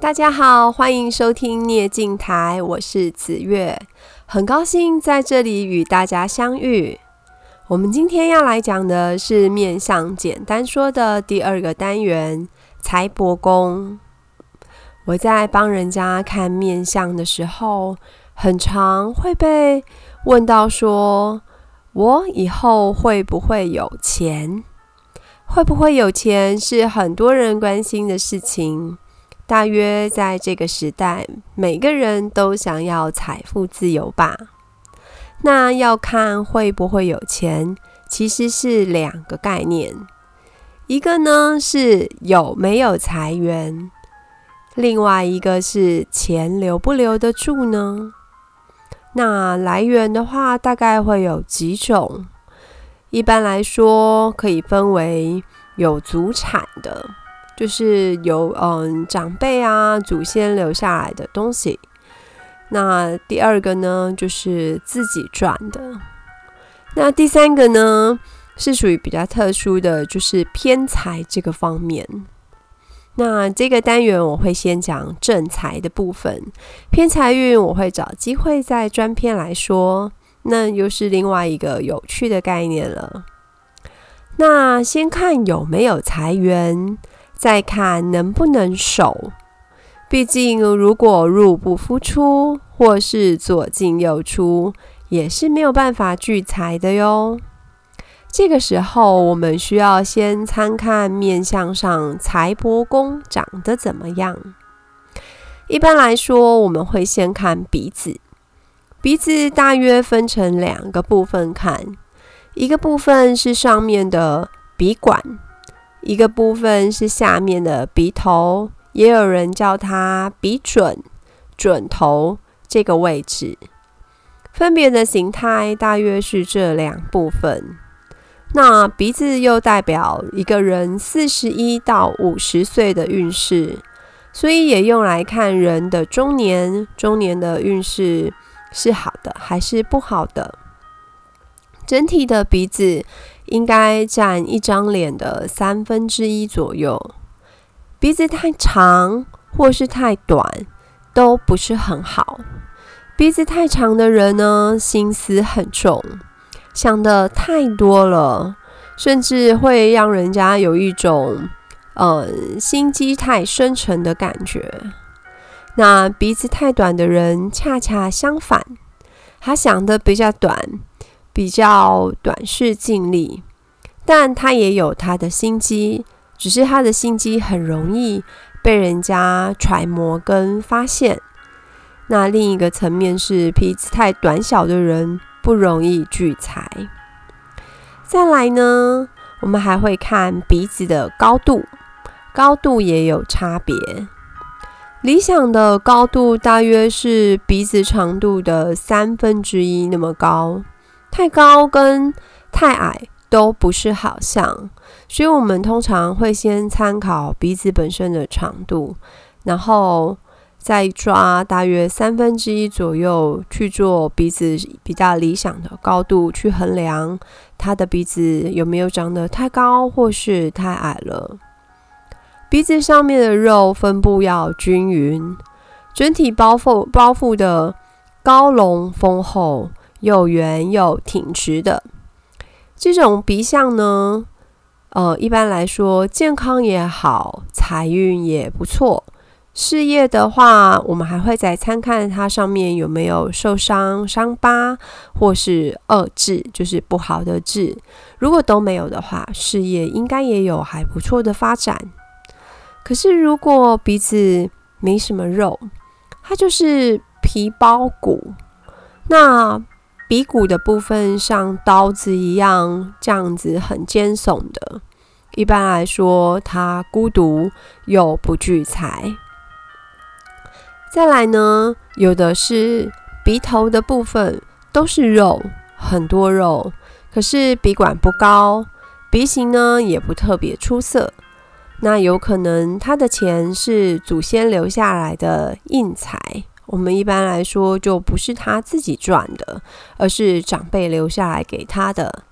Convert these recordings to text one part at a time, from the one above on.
大家好，歡迎收聽《孽鏡臺》，我是紫玥，很高興在這裡與大家相遇。我們今天要來講的是面相簡單說的第二個單元——財帛宮。我在幫人家看面相的時候，很常會被問到說：“我以後會不會有錢？”會不會有錢是很多人關心的事情。大約在這個時代，每個人都想要財富自由吧？那要看會不會有錢，其實是兩個概念。一個呢是有沒有財源，另外一個是錢留不留得住呢？那來源的話，大概會有幾種。一般來說，可以分為有祖產的。就是有嗯長輩啊祖先留下來的東西。那第二個呢，就是自己賺的。那第三個呢，是屬於比較特殊的，就是偏財這個方面。那這個單元我會先講正財的部分，偏財運我會找機會再專篇來說。那又是另外一個有趣的概念了。那先看有沒有財源。再看能不能守，畢竟如果入不敷出或是左進右出，也是沒有辦法聚財的喲。這個時候，我們需要先參看看面相上財帛宮長得怎麼樣。一般來說，我們會先看鼻子，鼻子大約分成兩個部分看，一個部分是上面的鼻管。一個部分是下面的鼻頭，也有人叫它鼻準、準頭這個位置，分別的形態大約是這兩部分。那鼻子又代表一個人四十一到五十歲的運勢，所以也用來看人的中年，中年的運勢是好的還是不好的。整體的鼻子。應該佔一張臉的三分之一左右，鼻子太長或是太短都不是很好。鼻子太長的人呢，心思很重，想得太多了，甚至會讓人家有一種嗯、呃、心機太深沉的感覺。那鼻子太短的人恰恰相反，他想得比較短，比較短視近利，但他也有他的心機，只是他的心機很容易被人家揣摩跟發現。那另一個層面是鼻子太短小的人不容易聚財。再來呢，我們還會看鼻子的高度，高度也有差別。理想的高度大約是鼻子長度的三分之一那麼高。太高跟太矮都不是好相，所以我們通常會先參考鼻子本身的長度，然後再抓大約三分之一左右去做鼻子比較理想的高度去衡量，他的鼻子有沒有長得太高或是太矮了。鼻子上面的肉分布要均勻，整體包覆包覆，的高隆豐厚。又圓又挺直的這種鼻相呢，呃，一般來說健康也好，財運也不錯。事業的話，我們還會再參看它上面有沒有受傷、傷疤，或是惡痣，就是不好的痣。如果都沒有的話，事業應該也有還不錯的發展。可是如果鼻子沒什麼肉，它就是皮包骨，那。鼻骨的部分像刀子一樣，這樣子很尖聳的。一般來說，他孤獨又不聚財。再來呢，有的是鼻頭的部分都是肉，很多肉，可是鼻管不高，鼻型呢也不特別出色。那有可能他的錢是祖先留下來的硬財。我們一般來說，就不是他自己賺的，而是長輩留下來給他的。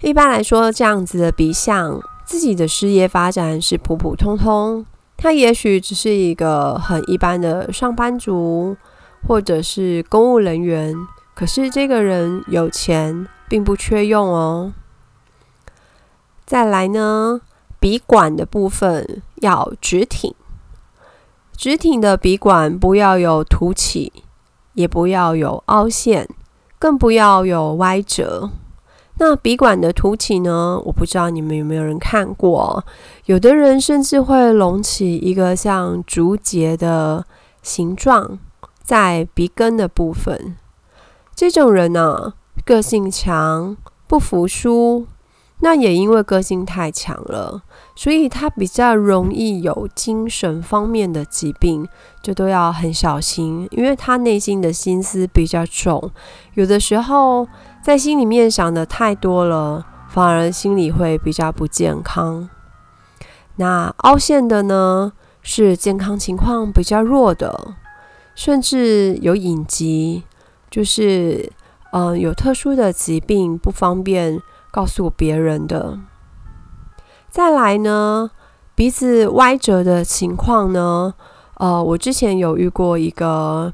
一般來說，這樣子的鼻相，自己的事業發展是普普通通，他也許只是一個很一般的上班族，或者是公務人員。可是這個人有錢，並不缺用哦。再來呢，鼻管的部分要直挺。直挺的鼻管不要有凸起，也不要有凹陷，更不要有歪折。那鼻管的凸起呢，我不知道你們有沒有人看過，有的人甚至會隆起一個像竹節的形狀，在鼻根的部分。這種人呢、啊，個性強，不服輸。那也因為個性太強了，所以他比較容易有精神方面的疾病，就都要很小心，因為他內心的心思比較重，有的時候在心裡面想的太多了，反而心理會比較不健康。那凹陷的呢，是健康情況比較弱的，甚至有隱疾，就是嗯有特殊的疾病不方便告訴別人的。再來呢，鼻子歪折的情況呢，呃，我之前有遇過一個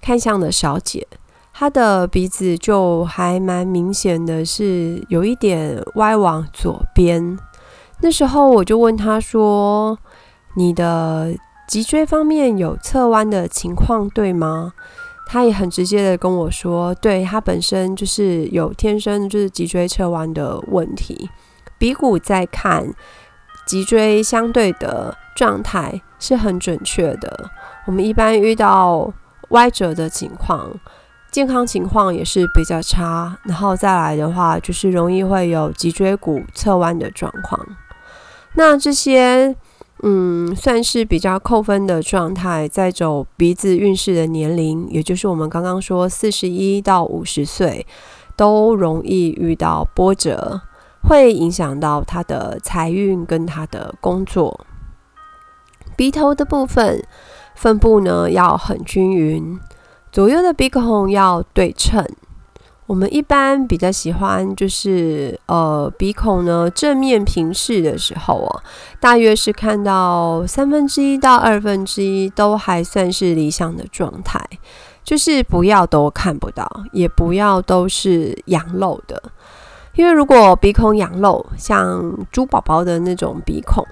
看相的小姐，她的鼻子就還蠻明顯的是有一點歪往左邊。那時候我就問她說：“你的脊椎方面有側彎的情況，對嗎？”他也很直接的跟我說，對他本身就是有天生就是脊椎側彎的問題。鼻骨在看脊椎相對的狀態是很準確的。我們一般遇到歪折的情況，健康情況也是比較差，然後再來的話就是容易會有脊椎骨側彎的狀況，那這些。嗯，算是比較扣分的狀態，在走鼻子運勢的年齡，也就是我們剛剛說四十一到五十歲，都容易遇到波折，會影響到他的財運跟他的工作。鼻頭的部分，分布呢，要很均勻，左右的鼻孔要對稱。我們一般比較喜歡就是，呃，鼻孔呢，正面平視的時候哦，大約是看到三分之一到二分之一都還算是理想的狀態，就是不要都看不到，也不要都是仰露的。因為如果鼻孔仰露，像豬寶寶的那種鼻孔，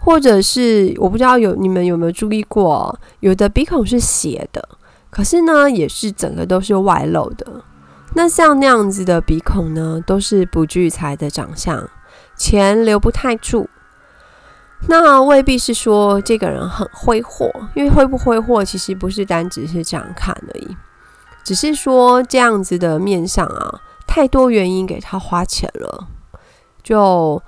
或者是我不知道有你們有沒有注意過哦，有的鼻孔是斜的，可是呢，也是整個都是外露的。那像那樣子的鼻孔呢，都是不聚財的長相，錢留不太住。那未必是說這個人很揮霍，因為揮不揮霍其實不是單只是這樣看而已，只是說這樣子的面相啊，太多原因給他花錢了，就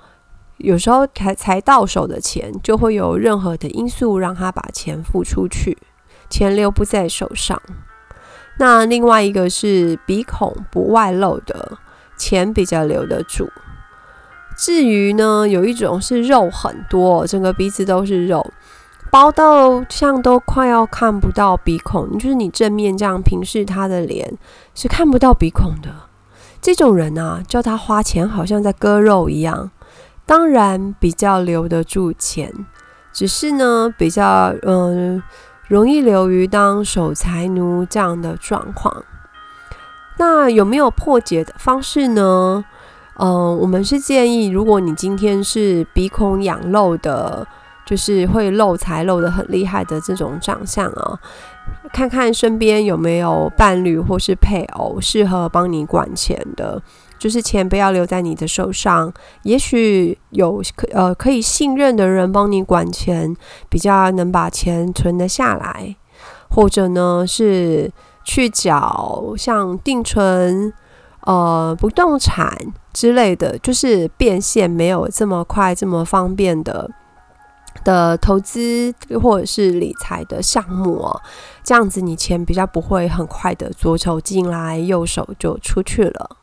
有時候才才到手的錢就會有任何的因素讓他把錢付出去，錢留不在手上。那另外一個是鼻孔不外露的，錢比較留得住。至於呢，有一種是肉很多，整個鼻子都是肉，包到像都快要看不到鼻孔，就是你正面這樣平視他的臉是看不到鼻孔的。這種人啊，叫他花錢好像在割肉一樣，當然比較留得住錢，只是呢，比較嗯。容易流於當守財奴這樣的狀況，那有沒有破解的方式呢？嗯、呃，我們是建議，如果你今天是鼻孔仰露的，就是會漏財漏得很厲害的這種長相啊、哦，看看身邊有沒有伴侶或是配偶適合幫你管錢的。就是錢不要留在你的手上，也許有可呃可以信任的人幫你管錢，比較能把錢存得下來，或者呢是去繳像定存、呃不動產之類的，就是變現沒有這麼快這麼方便的的投資或者是理財的項目哦。這樣子你錢比較不會很快的左手進來，右手就出去了。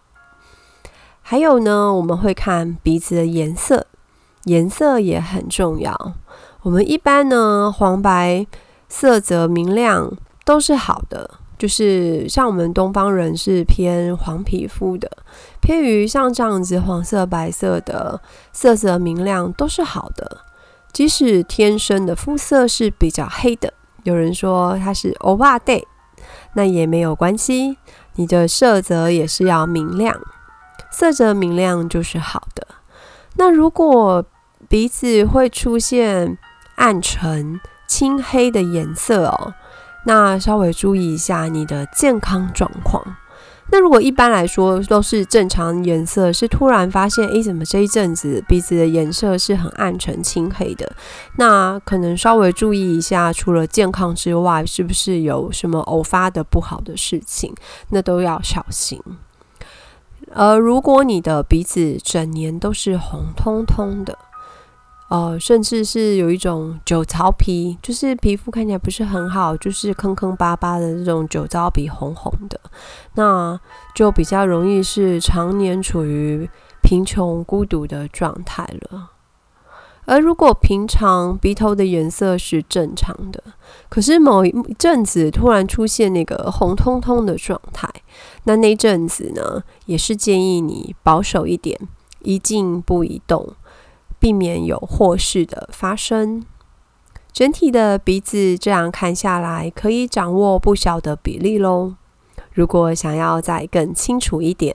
還有呢，我們會看鼻子的顏色，顏色也很重要。我們一般呢，黃白色澤明亮都是好的。就是像我們東方人是偏黃皮膚的，偏於像這樣子黃色、白色的色澤明亮都是好的。即使天生的膚色是比較黑的，有人說它是歐巴帶，那也沒有關係，你的色澤也是要明亮。色澤明亮就是好的。那如果鼻子會出現暗沉、青黑的顏色哦，那稍微注意一下你的健康狀況。那如果一般來說都是正常顏色，是突然發現，哎、欸，怎麼這一陣子鼻子的顏色是很暗沉、青黑的？那可能稍微注意一下，除了健康之外，是不是有什麼偶發的不好的事情？那都要小心。呃，如果你的鼻子整年都是紅彤彤的，呃，甚至是有一種酒糟皮，就是皮膚看起來不是很好，就是坑坑巴巴的這種酒糟鼻，紅紅的，那就比較容易是常年處於貧窮孤獨的狀態了。而如果平常鼻頭的顏色是正常的，可是某一陣子突然出現那個紅彤彤的狀態，那那陣子呢，也是建議你保守一點，宜靜不宜動，避免有禍事的發生。整體的鼻子這樣看下來，可以掌握不小的比例嘍。如果想要再更清楚一點，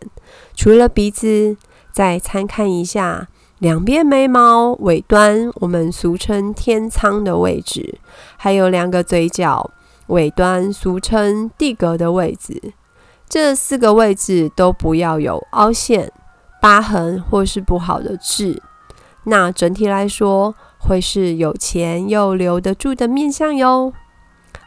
除了鼻子，再參看一下。兩邊眉毛尾端，我們俗稱天倉的位置，還有兩個嘴角尾端，俗稱地閣的位置。這四個位置都不要有凹陷、疤痕或是不好的痣。那整體來說，會是有錢又留得住的面相喲。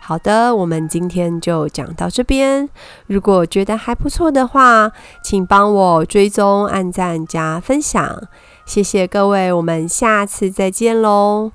好的，我們今天就講到這邊。如果覺得還不錯的話，請幫我追蹤、按讚、加分享。謝謝各位，我們下次再見嘍。